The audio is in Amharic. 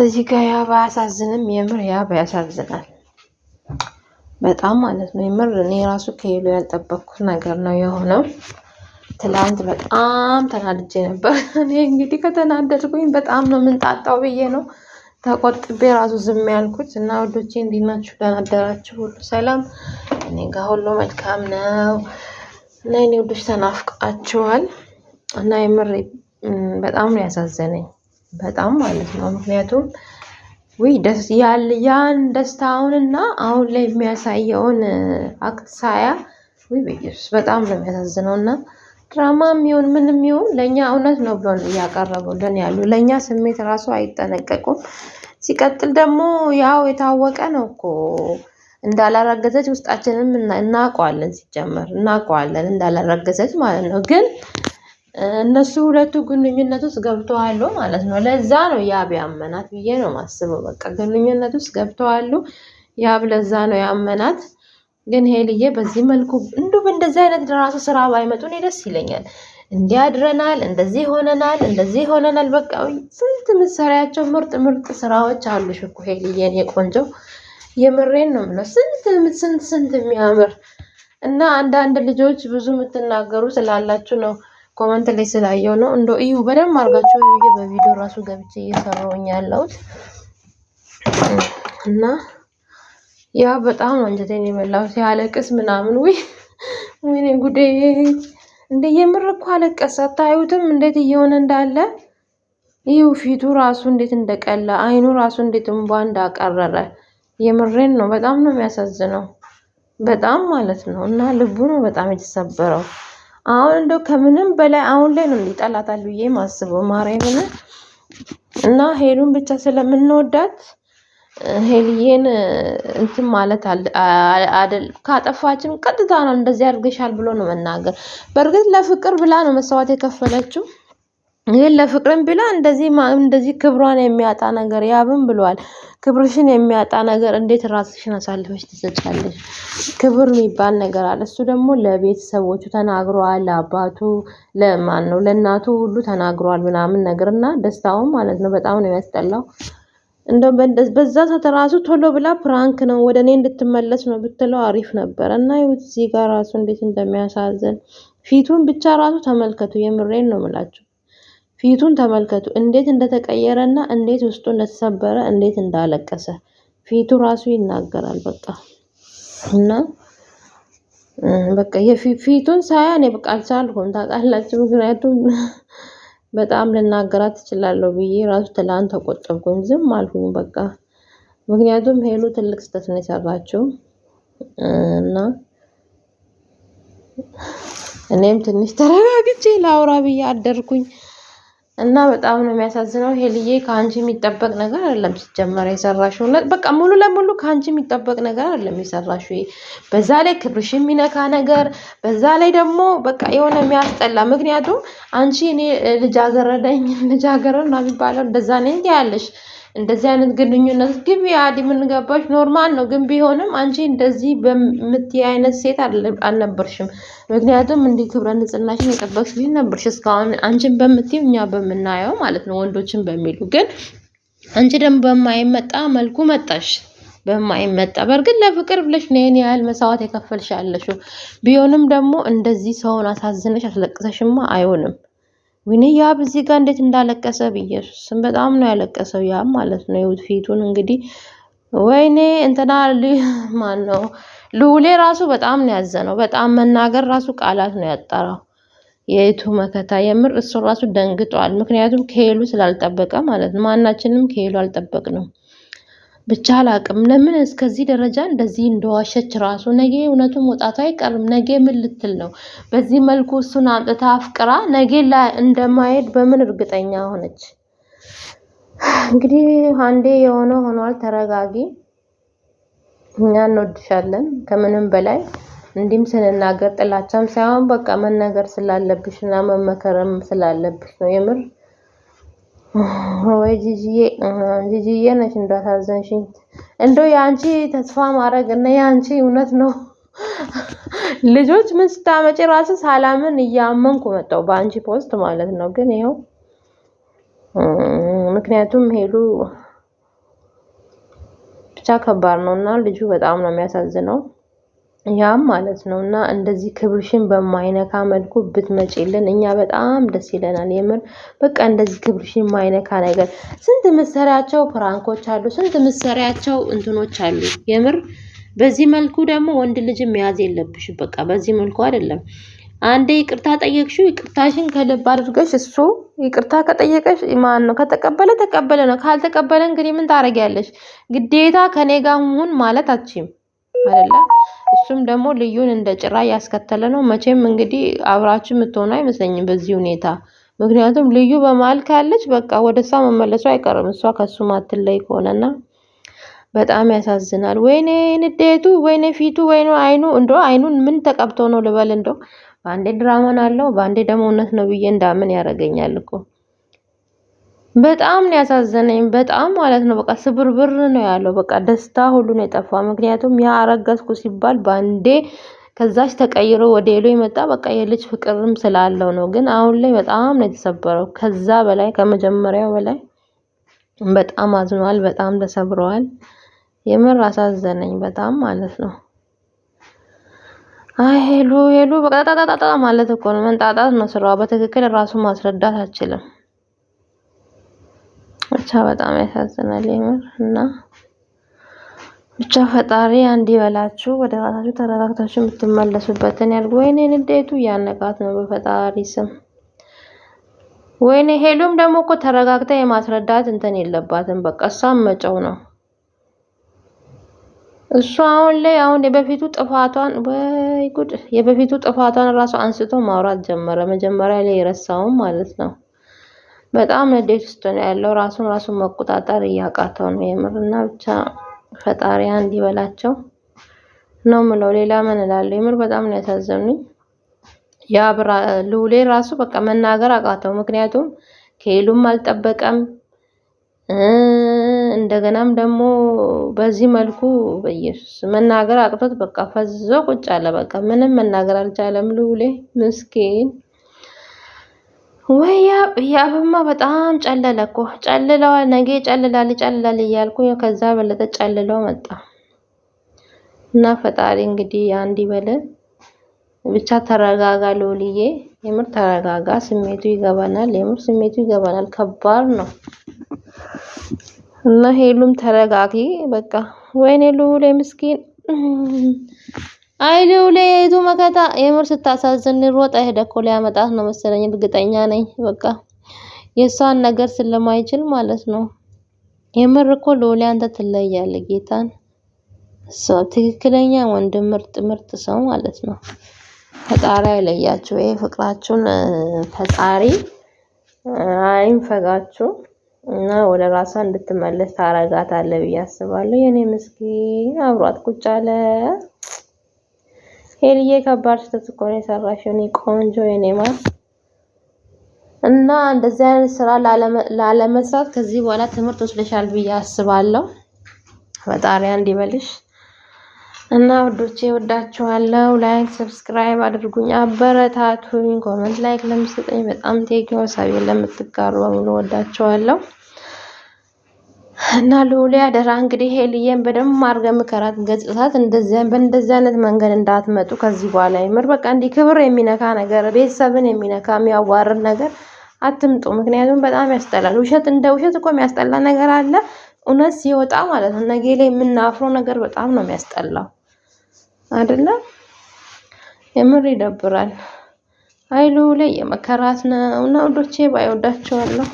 እዚህ ጋር ያ ባያሳዝንም የምር ያ ባያሳዝናል በጣም ማለት ነው። የምር እኔ ራሱ ከሄሉ ያልጠበቅኩት ነገር ነው የሆነው። ትላንት በጣም ተናድጄ ነበር። እኔ እንግዲህ ከተናደድኩኝ በጣም ነው የምንጣጣው ብዬ ነው ተቆጥቤ ራሱ ዝም ያልኩት እና ወዶቼ እንዲናችሁ ናችሁ? ሁሉ ሰላም? እኔ ጋር ሁሉ መልካም ነው እና እኔ ወዶች ተናፍቃችኋል እና የምር በጣም ነው ያሳዘነኝ። በጣም ማለት ነው። ምክንያቱም ውይ ደስ ያን ደስታውንና አሁን ላይ የሚያሳየውን አክት ሳያ ውይ በኢየሱስ በጣም ነው የሚያሳዝነው። እና ድራማ የሚሆን ምንም የሚሆን ለእኛ እውነት ነው ብሎ እያቀረቡልን ያሉ ለእኛ ስሜት ራሱ አይጠነቀቁም። ሲቀጥል ደግሞ ያው የታወቀ ነው እኮ እንዳላረገዘች ውስጣችንም እናውቀዋለን፣ ሲጀመር እናውቀዋለን እንዳላረገዘች ማለት ነው ግን እነሱ ሁለቱ ግንኙነት ውስጥ ገብተዋሉ ማለት ነው። ለዛ ነው ያብ ያመናት ብዬ ነው ማስበው። በቃ ግንኙነት ውስጥ ገብተዋሉ። ያብ ለዛ ነው ያመናት። ግን ሄልዬ በዚህ መልኩ እንዱ እንደዚህ አይነት ራሱ ስራ ባይመጡ እኔ ደስ ይለኛል። እንዲህ አድረናል፣ እንደዚህ ሆነናል፣ እንደዚህ ሆነናል። በቃ ስንት ምሰሪያቸው ምርጥ ምርጥ ስራዎች አሉሽ እኮ ሄልዬ፣ እኔ ቆንጆ የምሬን ነው የምለው። ስንት ስንት ስንት የሚያምር እና አንዳንድ ልጆች ብዙ የምትናገሩ ስላላችሁ ነው ኮመንት ላይ ስላየው ነው። እንደ እዩ በደንብ አድርጋችሁ ይ በቪዲዮ ራሱ ገብቼ እየሰራውኝ ያለሁት እና ያ በጣም አንጀቴን የመላው ያለቅስ ምናምን ወይ ወይኔ ጉዴ! እንደ የምር እኮ አለቀሰ። አታዩትም እንዴት እየሆነ እንዳለ ይህ ፊቱ ራሱ እንዴት እንደቀላ፣ አይኑ ራሱ እንዴት እንቧ እንዳቀረረ የምሬን ነው። በጣም ነው የሚያሳዝነው፣ በጣም ማለት ነው። እና ልቡ ነው በጣም የተሰበረው። አሁን እንደው ከምንም በላይ አሁን ላይ ነው ይጠላታል ብዬ ማስበው ማርያምን እና ሄሉን ብቻ ስለምንወዳት ሄልዬን እንትን ማለት አደል ካጠፋችን ቀጥታ ነው እንደዚህ አድርገሻል ብሎ ነው መናገር። በእርግጥ ለፍቅር ብላ ነው መስዋዕት የከፈለችው። ይህን ለፍቅርም ብላ እንደዚህ እንደዚህ ክብሯን የሚያጣ ነገር ያብም ብሏል። ክብርሽን የሚያጣ ነገር እንዴት ራስሽን አሳልፈሽ ትሰጫለሽ? ክብር የሚባል ነገር አለ። እሱ ደግሞ ለቤተሰቦቹ ተናግሯል። ለአባቱ ለማን ነው ለእናቱ ሁሉ ተናግሯል ምናምን ነገር እና ደስታውም ማለት ነው። በጣም ነው የሚያስጠላው። እንደው በዛ ሰዓት ራሱ ቶሎ ብላ ፕራንክ ነው ወደ እኔ እንድትመለስ ነው ብትለው አሪፍ ነበር። እና እዚህ ጋር ራሱ እንዴት እንደሚያሳዝን ፊቱን ብቻ ራሱ ተመልከቱ። የምሬን ነው የምላችሁ። ፊቱን ተመልከቱ እንዴት እንደተቀየረ እና እንዴት ውስጡ እንደተሰበረ እንዴት እንዳለቀሰ ፊቱ ራሱ ይናገራል። በቃ እና በቃ የፊቱን ሳያን በቃ አልቻልኩም ታውቃላችሁ። ምክንያቱም በጣም ልናገራት ትችላለሁ ብዬ ራሱ ትላንት ተቆጠብኩኝ፣ ዝም አልኩኝ በቃ ምክንያቱም ሄሉ ትልቅ ስህተት ነው የሰራችው እና እኔም ትንሽ ተረጋግቼ ላውራ ብዬ አደርኩኝ። እና በጣም ነው የሚያሳዝነው። ሄልዬ ከአንቺ የሚጠበቅ ነገር አይደለም ሲጀመር የሰራሽው በቃ ሙሉ ለሙሉ ከአንቺ የሚጠበቅ ነገር አይደለም የሰራሽው። በዛ ላይ ክብርሽ የሚነካ ነገር፣ በዛ ላይ ደግሞ በቃ የሆነ የሚያስጠላ ምክንያቱም አንቺ እኔ ልጃገረደኝ ልጃገረድ ነው የሚባለው እንደዛ ነኝ ያለሽ እንደዚህ አይነት ግንኙነት ግቢ አዲ የምንገባሽ ኖርማል ነው። ግን ቢሆንም አንቺ እንደዚህ በምትይ አይነት ሴት አልነበርሽም። ምክንያቱም እንዲህ ክብረ ንጽህናሽን የጠበቅሽ ልጅ ነበርሽ። እስካሁን አንቺን በምትይ እኛ በምናየው ማለት ነው ወንዶችን በሚሉ ግን አንቺ ደግሞ በማይመጣ መልኩ መጣሽ በማይመጣ በእርግጥ ለፍቅር ብለሽ ነው ይሄን ያህል መስዋዕት የከፈልሽ ያለሽው። ቢሆንም ደግሞ እንደዚህ ሰውን አሳዝነሽ አስለቅሰሽማ አይሆንም። ወይኔ ያብ እዚህ ጋር እንዴት እንዳለቀሰ በኢየሱስም በጣም ነው ያለቀሰው። ያ ማለት ነው ፊቱን እንግዲህ ወይኔ እንትና ማን ነው ልውሌ ራሱ በጣም ነው ያዘነው። በጣም መናገር ራሱ ቃላት ነው ያጠራው። የቱ መከታ የምር እሱ ራሱ ደንግጧል። ምክንያቱም ከሄሉ ስላልጠበቀ ማለት ነው። ማናችንም ከሄሉ አልጠበቅንም። ብቻ አላቅም ለምን እስከዚህ ደረጃ እንደዚህ እንደዋሸች ራሱ ነገ እውነቱ መውጣቱ አይቀርም። ነገ ምን ልትል ነው? በዚህ መልኩ እሱን አምጥታ አፍቅራ ነገ ላይ እንደማይሄድ በምን እርግጠኛ ሆነች? እንግዲህ አንዴ የሆነ ሆኗል። ተረጋጊ። እኛ እንወድሻለን ከምንም በላይ እንዲህም ስንናገር ጥላቻም ሳይሆን በቃ መናገር ስላለብሽ እና መመከርም ስላለብሽ ነው የምር ወይ ጂጂዬ ጂጂዬ ነሽ እንዳሳዘንሽኝ። እንደው የአንቺ ተስፋ ማድረግ እና የአንቺ እውነት ነው። ልጆች ምን ስታመጪ ራሱ ሰላምን እያመንኩ መጣው በአንቺ ፖስት ማለት ነው። ግን ይኸው ምክንያቱም ሄሉ ብቻ ከባድ ነው እና ልጁ በጣም ነው የሚያሳዝነው። ያም ማለት ነው እና እንደዚህ ክብርሽን በማይነካ መልኩ ብትመጪልን እኛ በጣም ደስ ይለናል። የምር በቃ እንደዚህ ክብርሽን ማይነካ ነገር ስንት ምሰሪያቸው ፕራንኮች አሉ፣ ስንት ምሰሪያቸው እንትኖች አሉ። የምር በዚህ መልኩ ደግሞ ወንድ ልጅ መያዝ የለብሽ። በቃ በዚህ መልኩ አይደለም። አንዴ ይቅርታ ጠየቅሽው፣ ይቅርታሽን ከልብ አድርገሽ እሱ ይቅርታ ከጠየቀሽ ማን ነው ከተቀበለ ተቀበለ ነው፣ ካልተቀበለ እንግዲህ ምን ታረጊያለሽ? ግዴታ ከኔ ጋር ሁን ማለት አትችይም። አይደለ? እሱም ደግሞ ልዩን እንደ ጭራ እያስከተለ ነው። መቼም እንግዲህ አብራችሁ የምትሆኑ አይመስለኝም በዚህ ሁኔታ። ምክንያቱም ልዩ በመሀል ካለች በቃ ወደ እሷ መመለሱ አይቀርም እሷ ከሱ ማትለይ ከሆነና በጣም ያሳዝናል። ወይኔ ንዴቱ፣ ወይኔ ፊቱ፣ ወይኔ አይኑ። እንዶ አይኑን ምን ተቀብቶ ነው ልበል? እንዶ በአንዴ ድራማን አለው፣ በአንዴ ደግሞ እውነት ነው ብዬ እንዳምን ያደርገኛል እኮ በጣም ነው ያሳዘነኝ። በጣም ማለት ነው በቃ ስብርብር ነው ያለው። በቃ ደስታ ሁሉ ነው የጠፋ። ምክንያቱም ያ አረገዝኩ ሲባል ባንዴ ከዛች ተቀይሮ ወደ ሌሎ የመጣ በቃ የልጅ ፍቅርም ስላለው ነው። ግን አሁን ላይ በጣም ነው የተሰበረው። ከዛ በላይ ከመጀመሪያው በላይ በጣም አዝኗል። በጣም ተሰብረዋል። የምር አሳዘነኝ በጣም ማለት ነው። አይ ሄሉ ሄሉ በቃ ጣጣጣጣ ማለት እኮ ነው። መንጣጣት ነው ስራዋ። በትክክል ራሱን ማስረዳት አችልም። በጣም ያሳዝናል የምር እና ብቻ ፈጣሪ አንድ ይበላችሁ፣ ወደ ራሳችሁ ተረጋግታችሁ የምትመለሱበትን ያድርግ። ወይኔ ንዴቱ እያነቃት ነው በፈጣሪ ስም። ወይኔ ሄሉም ደግሞ እኮ ተረጋግታ የማስረዳት እንትን የለባትም። በቃ እሷም መጨው ነው እሱ አሁን ላይ አሁን የበፊቱ ጥፋቷን ወይ ጉድ የበፊቱ ጥፋቷን ራሱ አንስቶ ማውራት ጀመረ። መጀመሪያ ላይ የረሳውም ማለት ነው። በጣም ንዴት ውስጥ ነው ያለው። ራሱን ራሱን መቆጣጠር እያቃተው ነው የምርና ብቻ ፈጣሪ እንዲበላቸው ነው ምለው። ሌላ ምን እላለሁ? የምር በጣም ነው ያሳዘኑኝ። ያ ልውሌ ራሱ በቃ መናገር አቃተው። ምክንያቱም ከሄሉም አልጠበቀም። እንደገናም ደግሞ በዚህ መልኩ በኢየሱስ መናገር አቅቶት በቃ ፈዞ ቁጭ አለ። በቃ ምንም መናገር አልቻለም ልውሌ ምስኪን ወይ ያብማ በጣም ጨለለ እኮ ጨልለዋል። ነገ ጨልላል ጨልላል እያልኩ ከዛ በለጠ ጨልለው መጣ እና ፈጣሪ እንግዲህ አንድ ይበል። ብቻ ተረጋጋ ሎልዬ፣ የምር ተረጋጋ። ስሜቱ ይገባናል፣ የምር ስሜቱ ይገባናል። ከባድ ነው እና ሄሉም ተረጋጊ በቃ። ወይኔ ሉሌ ምስኪን አይሉ ለየቱ መከታ የምር ስታሳዝን ሮጣ ሄደ እኮ ሊያመጣት ነው መሰለኝ እርግጠኛ ነኝ። በቃ የእሷን ነገር ስለማይችል ማለት ነው። የምር እኮ ሎሊ አንተ ትለያለ ጌታን። እሷ ትክክለኛ ወንድ ምርጥ ምርጥ ሰው ማለት ነው። ፈጣሪ አይለያችሁ። ይሄ ፍቅራችሁን ፈጣሪ አይንፈጋችሁ እና ወደ ራሷ እንድትመለስ ታረጋታለህ ብዬ አስባለሁ። የኔ ምስኪን አብሯት ቁጭ አለ። ሄልዬ ከባድ ስህተት እኮ ነው የኔ ቆንጆ የኔ ማር እና እንደዚህ አይነት ስራ ላለመስራት ከዚህ በኋላ ትምህርት ወስደሻል ብዬ አስባለሁ። ፈጣሪ አንድ ይበልሽ እና ውዶቼ ወዳችኋለሁ። ላይክ ሰብስክራይብ አድርጉኝ፣ አበረታቱኝ። ኮመንት ላይክ ለምትሰጠኝ በጣም ቴክ ሳቢ ለምትጋሩ በሙሉ ወዳችኋለሁ። እና ልዑል ያደራ እንግዲህ ሄልዬን በደንብ ማርገ ምከራት፣ ገጽታት እንደዚያ በእንደዚህ አይነት መንገድ እንዳትመጡ ከዚህ በኋላ ይምር። በቃ እንዲህ ክብር የሚነካ ነገር፣ ቤተሰብን የሚነካ የሚያዋርድ ነገር አትምጡ። ምክንያቱም በጣም ያስጠላል። ውሸት እንደ ውሸት እኮ የሚያስጠላ ነገር አለ፣ እውነት ሲወጣ ማለት ነው። ነገ ላይ የምናፍረው ነገር በጣም ነው የሚያስጠላው አይደለ? የምር ይደብራል። አይ ልዑል የመከራት ነው እና ውዶቼ ባይወዳቸዋለሁ